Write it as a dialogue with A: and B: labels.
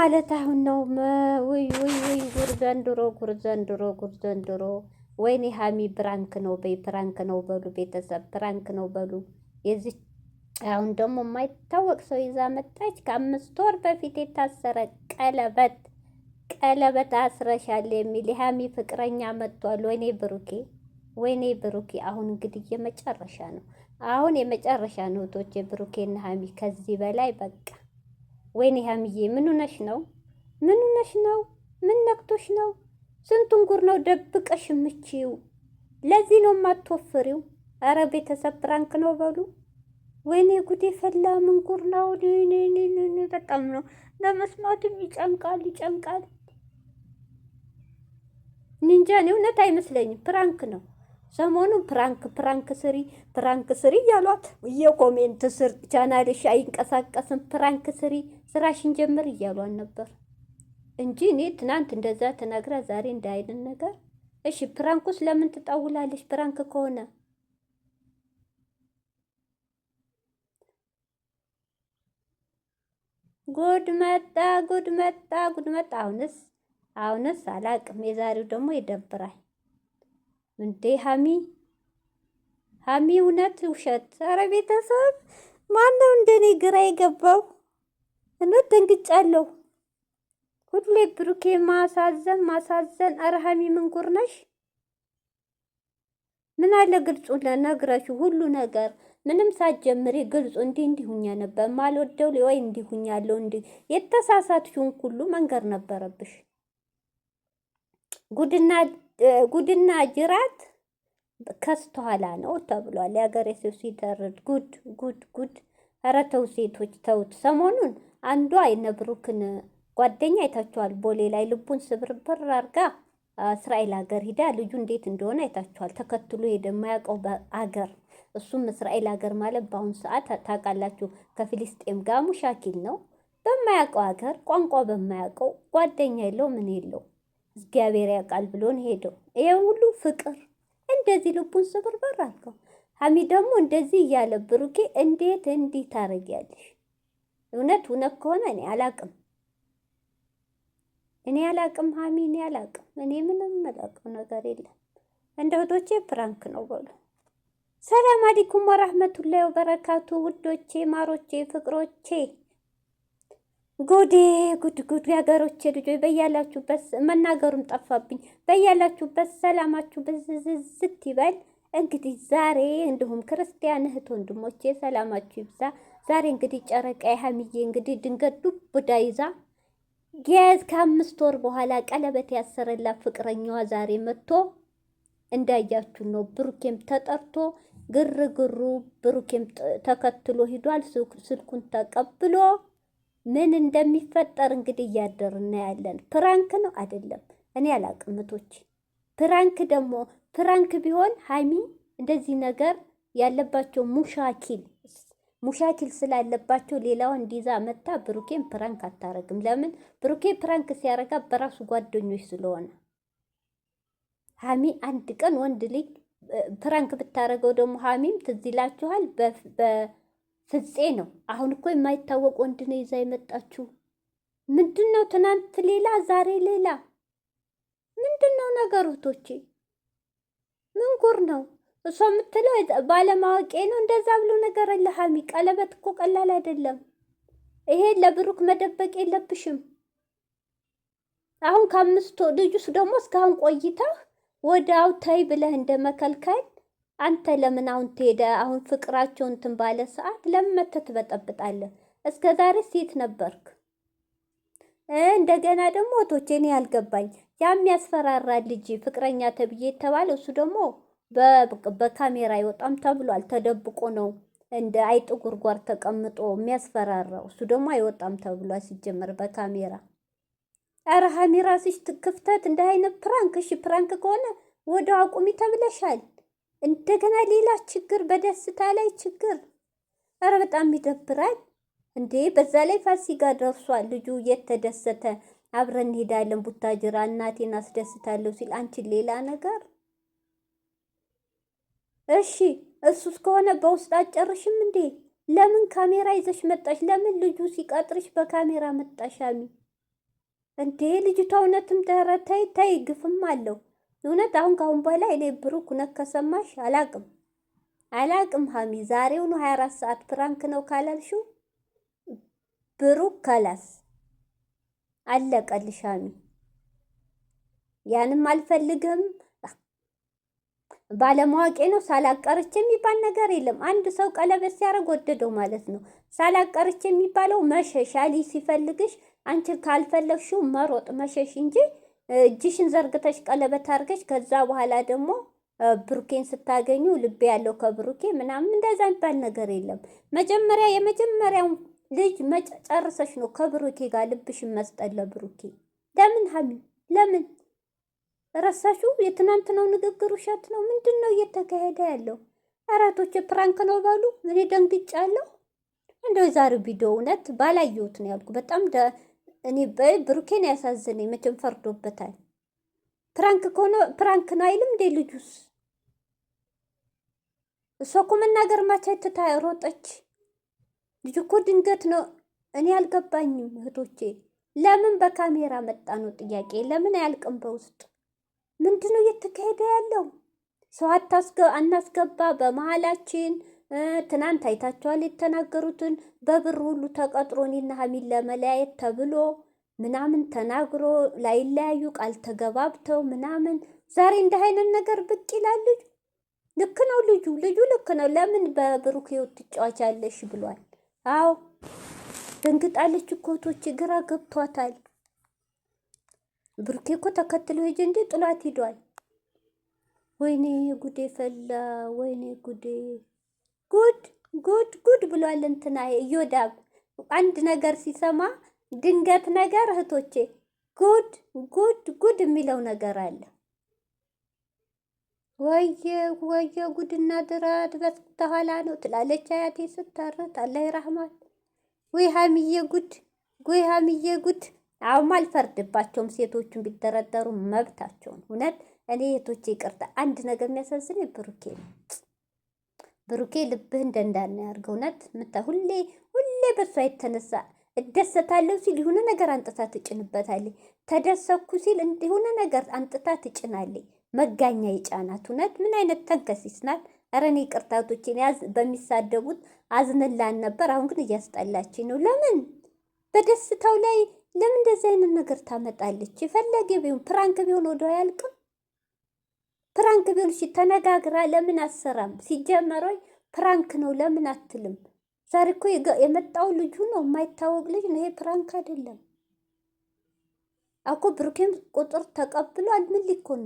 A: ማለት አሁን ነው። ውይ ውይ ውይ ጉር ዘንድሮ ጉር ዘንድሮ ጉር ዘንድሮ። ወይኔ ሀሚ ብራንክ ነው በይ፣ ብራንክ ነው በሉ፣ ቤተሰብ ብራንክ ነው በሉ። የዚህ አሁን ደግሞ የማይታወቅ ሰው ይዛ መጣች። ከአምስት ወር በፊት የታሰረ ቀለበት ቀለበት አስረሻል የሚል የሀሚ ፍቅረኛ መጥቷል። ወይኔ ብሩኬ ወይኔ ብሩኬ። አሁን እንግዲህ የመጨረሻ ነው፣ አሁን የመጨረሻ ነው። እህቶቼ ብሩኬና ሀሚ ከዚህ በላይ በቃ ወይኔ ሀምዬ ምን ሆነሽ ነው? ምን ሆነሽ ነው? ምን ነክቶሽ ነው? ስንቱን ጉር ነው ደብቀሽ የምችይው? ለዚህ ነው የማትወፍሪው? አረ ቤተሰብ ፕራንክ ነው በሉ። ወይኔ ጉዴ ፈላ። ምን ጉር ነው? በጣም ነው ለመስማትም ይጨንቃል፣ ይጨንቃል። ኒንጃ እውነት አይመስለኝም፣ ፕራንክ ነው። ሰሞኑን ፕራንክ ፕራንክ ስሪ ፕራንክ ስሪ እያሏት የኮሜንት ስር ቻናልሽ አይንቀሳቀስም ፕራንክ ስሪ ስራሽን ጀምር እያሏን ነበር እንጂ እኔ ትናንት እንደዛ ተናግራ ዛሬ እንዳይልን ነገር። እሺ ፕራንኩስ ለምን ትጠውላለች ፕራንክ ከሆነ ጉድ መጣ ጉድ መጣ ጉድ መጣ። አሁንስ አሁንስ አላቅም። የዛሬው ደግሞ ይደብራል። እንዴ ሀሚ ሀሚ እውነት ውሸት? አረ ቤተሰብ ነው እንደኔ ግራ የገባው? እውነት ደንግጫለሁ። ሁሌ ብሩኬ ማሳዘን ማሳዘን። አረ ሀሚ ምን ጉር ነሽ? ምን አለ ግልጹ ለነግረሽ ሁሉ ነገር ምንም ሳትጀምሪ ግልጹ እንዲህ እንዲሁኛ ነበር ማልወደው ወይ እንዲሁኛለሁ እንዲህ የተሳሳትሽውን ሁሉ መንገር ነበረብሽ ጉድና ጉድና ጅራት ከስተኋላ ነው ተብሏል። የሀገሬ ሰው ሲተርድ ጉድ ጉድ ጉድ። ኧረ ተው ሴቶች ተውት። ሰሞኑን አንዷ የነብሩክን ጓደኛ አይታችኋል። ቦሌ ላይ ልቡን ስብርብር አርጋ እስራኤል ሀገር ሂዳ ልጁ እንዴት እንደሆነ አይታችኋል። ተከትሎ ሄደ የማያውቀው አገር። እሱም እስራኤል ሀገር ማለት በአሁኑ ሰዓት ታውቃላችሁ ከፊሊስጤም ጋር ሙሻኪል ነው። በማያውቀው ሀገር ቋንቋ በማያውቀው ጓደኛ የለው ምን የለው እግዚአብሔር ያውቃል ብሎን ሄደው ይሄ ሁሉ ፍቅር እንደዚህ ልቡን ስብርብር አልከው። ሀሚ ደግሞ እንደዚህ እያለ ብሩኬ እንዴት እንዲህ ታረጊያለሽ? እውነት እውነት ከሆነ እኔ አላቅም እኔ አላቅም ሀሚ እኔ አላቅም እኔ ምንም መላቅም ነገር የለም። እንደ ውዶቼ ፕራንክ ነው በሉ። ሰላም አለይኩም ወራህመቱላሂ ወበረካቱ ውዶቼ፣ ማሮቼ፣ ፍቅሮቼ ጉዴ ጉድ ጉድ! የሀገሮቼ ልጆች በያላችሁበት መናገሩም ጠፋብኝ። በያላችሁበት ሰላማችሁ ብዝዝዝት ይበል። እንግዲህ ዛሬ እንዲሁም ክርስቲያን እህት ወንድሞቼ ሰላማችሁ ይብዛ። ዛሬ እንግዲህ ጨረቃ ሀሚዬ እንግዲህ ድንገት ዱብዳ ይዛ ጌዝ ከአምስት ወር በኋላ ቀለበት ያሰረላት ፍቅረኛዋ ዛሬ መጥቶ እንዳያችሁ ነው። ብሩኬም ተጠርቶ ግርግሩ ብሩኬም ተከትሎ ሂዷል። ስልኩን ተቀብሎ ምን እንደሚፈጠር እንግዲህ እያደር እናያለን። ፕራንክ ነው አይደለም እኔ አላቅምቶች። ፕራንክ ደግሞ ፕራንክ ቢሆን ሀይሚ እንደዚህ ነገር ያለባቸው ሙሻኪል ሙሻኪል ስላለባቸው ሌላውን እንዲዛ መታ ብሩኬን ፕራንክ አታረግም። ለምን ብሩኬ ፕራንክ ሲያረጋ በራሱ ጓደኞች ስለሆነ ሀሚ አንድ ቀን ወንድ ልጅ ፕራንክ ብታረገው ደግሞ ሀሚም ትዝ ይላችኋል። ፍፄ ነው። አሁን እኮ የማይታወቅ ወንድ ነው ይዛ የመጣችሁ። ምንድን ነው ትናንት ሌላ ዛሬ ሌላ ምንድን ነው ነገሩ? ቶቼ ምን ጉር ነው እሷ የምትለው? ባለማወቄ ነው እንደዛ ብሎ ነገር አለ። ሀሚ ቀለበት እኮ ቀላል አይደለም። ይሄ ለብሩክ መደበቅ የለብሽም። አሁን ከአምስቱ ልጁስ ደግሞ እስካሁን ቆይታ ወደ ተይ ብለህ እንደ መከልከል አንተ ለምን አሁን ትሄደ አሁን ፍቅራቸው እንትን ባለ ሰዓት ለምን መተህ ትበጠብጣለህ? እስከ ዛሬ ሴት ነበርክ። እንደገና ደግሞ ወቶቼ እኔ ያልገባኝ ያም የሚያስፈራራ ልጅ ፍቅረኛ ተብዬ የተባለ እሱ ደግሞ በካሜራ አይወጣም ተብሏል። ተደብቆ ነው እንደ አይጥ ጉርጓር ተቀምጦ የሚያስፈራራው። እሱ ደግሞ አይወጣም ተብሏል ሲጀመር በካሜራ ኧረ ሀሚ ራስሽ ክፍተት እንደ አይነት ፕራንክ። እሺ ፕራንክ ከሆነ ወደ አቁሚ ተብለሻል። እንደገና ሌላ ችግር፣ በደስታ ላይ ችግር። ኧረ በጣም ይደብራል እንዴ! በዛ ላይ ፋሲካ ደርሷል። ልጁ እየተደሰተ አብረን እንሄዳለን ቡታጅራ፣ እናቴን አስደስታለሁ ሲል አንቺን ሌላ ነገር። እሺ እሱ እስከሆነ በውስጥ አጨርሽም እንዴ? ለምን ካሜራ ይዘሽ መጣሽ? ለምን ልጁ ሲቀጥርሽ በካሜራ መጣሽ? አሚ እንዴ ልጅቷ እውነትም ተረታይ ታይ ግፍም አለው። እውነት አሁን ካሁን በኋላ እኔ ብሩክ ከሰማሽ አላቅም አላቅም ሀሚ ዛሬውኑ 24 ሰዓት ፕራንክ ነው ካላልሽው ብሩክ ከላስ አለቀልሽ ሀሚ። ያንም አልፈልግም ባለማወቄ ነው ሳላቀርች የሚባል ነገር የለም። አንድ ሰው ቀለበት ሲያደርግ ወደደው ማለት ነው። ሳላቀርች የሚባለው መሸሽ አሊ ሲፈልግሽ አንቺ ካልፈለግሽው መሮጥ መሸሽ እንጂ እጅሽን ዘርግተሽ ቀለበት አድርገሽ ከዛ በኋላ ደግሞ ብሩኬን ስታገኙ ልብ ያለው ከብሩኬ ምናምን እንደዛ የሚባል ነገር የለም። መጀመሪያ የመጀመሪያው ልጅ መጨረሰሽ ነው ከብሩኬ ጋር ልብሽን መስጠት ለብሩኬ። ለምን ሀሚ ለምን ረሳሹ? የትናንትናው ንግግር ውሸት ነው። ምንድን ነው እየተካሄደ ያለው? አራቶች ፕራንክ ነው በሉ። እኔ ደንግጫለሁ። እንደው የዛሬው ቪዲዮ እውነት ባላየሁት ነው ያልኩ በጣም እኔ ብሩኬን ያሳዝነኝ መቼም ፈርዶበታል። ፕራንክ ከሆነ ፕራንክ ነው አይልም እንዴ ልጁስ? እሷ እኮ መናገር ማቻ ትታ ሮጠች። ልጁ እኮ ድንገት ነው። እኔ አልገባኝም እህቶቼ፣ ለምን በካሜራ መጣ ነው ጥያቄ። ለምን አያልቅም በውስጥ ምንድነው እየተካሄደ ያለው? ሰው አናስገባ በመሀላችን ትናንት አይታቸዋል የተናገሩትን በብር ሁሉ ተቀጥሮ እኔና ሀሚን ለመለያየት ተብሎ ምናምን ተናግሮ ላይለያዩ ቃል ተገባብተው ምናምን ዛሬ እንደ አይነት ነገር ብቅ ይላል። ልጁ ልክ ነው። ልጁ ልጁ ልክ ነው። ለምን በብሩክ ህይወት ትጫወቻለሽ ብሏል። አዎ ደንግጣለች እኮ ግራ ገብቷታል። ብሩኬ እኮ ተከትሎ ሄጅ እንጂ ጥሏት ሂዷል። ወይኔ ጉዴ ፈላ፣ ወይኔ ጉዴ ጉድ ጉድ ጉድ ብሏል እንትና እዮዳብ። አንድ ነገር ሲሰማ ድንገት ነገር እህቶቼ ጉድ ጉድ ጉድ የሚለው ነገር አለ። ወየ ወየ ጉድና ድረት በስተኋላ ነው ትላለች አያቴ ስታረት አላህ ይራህማት። ወይ ሀሚዬ ጉድ ወይ ሀሚዬ ጉድ። አሁን አልፈርድባቸውም። ሴቶቹን ቢደረደሩ መብታቸውን። እውነት እኔ እህቶቼ ይቅርታ፣ አንድ ነገር የሚያሳዝን ብሩኬ ነው። ብሩኬ ልብህ እንደንዳና እንዳን ያርገው። እውነት ምታ ሁሌ ሁሌ በሷ የተነሳ እደሰታለሁ ሲል የሆነ ነገር አንጥታ ትጭንበታለች። ተደሰኩ ሲል የሆነ ነገር አንጥታ ትጭናለች። መጋኛ የጫናት እውነት ምን አይነት ተንከሲስ ናት? ኧረ እኔ ቅርታቶችን ያዝ በሚሳደቡት አዝንላን ነበር። አሁን ግን እያስጠላችኝ ነው። ለምን በደስታው ላይ ለምን እንደዚህ አይነት ነገር ታመጣለች? የፈለገ ቢሆን ፕራንክ ቢሆን ወደ አያልቅም ፕራንክ ግን እሺ ተነጋግራ ለምን አትሰራም? ሲጀመረኝ ፕራንክ ነው ለምን አትልም? ዛሬ እኮ የመጣው ልጁ ነው የማይታወቅ ልጅ ነው። ይሄ ፕራንክ አይደለም እኮ ብሩኬም ቁጥር ተቀብሏል። ምን ሊኮን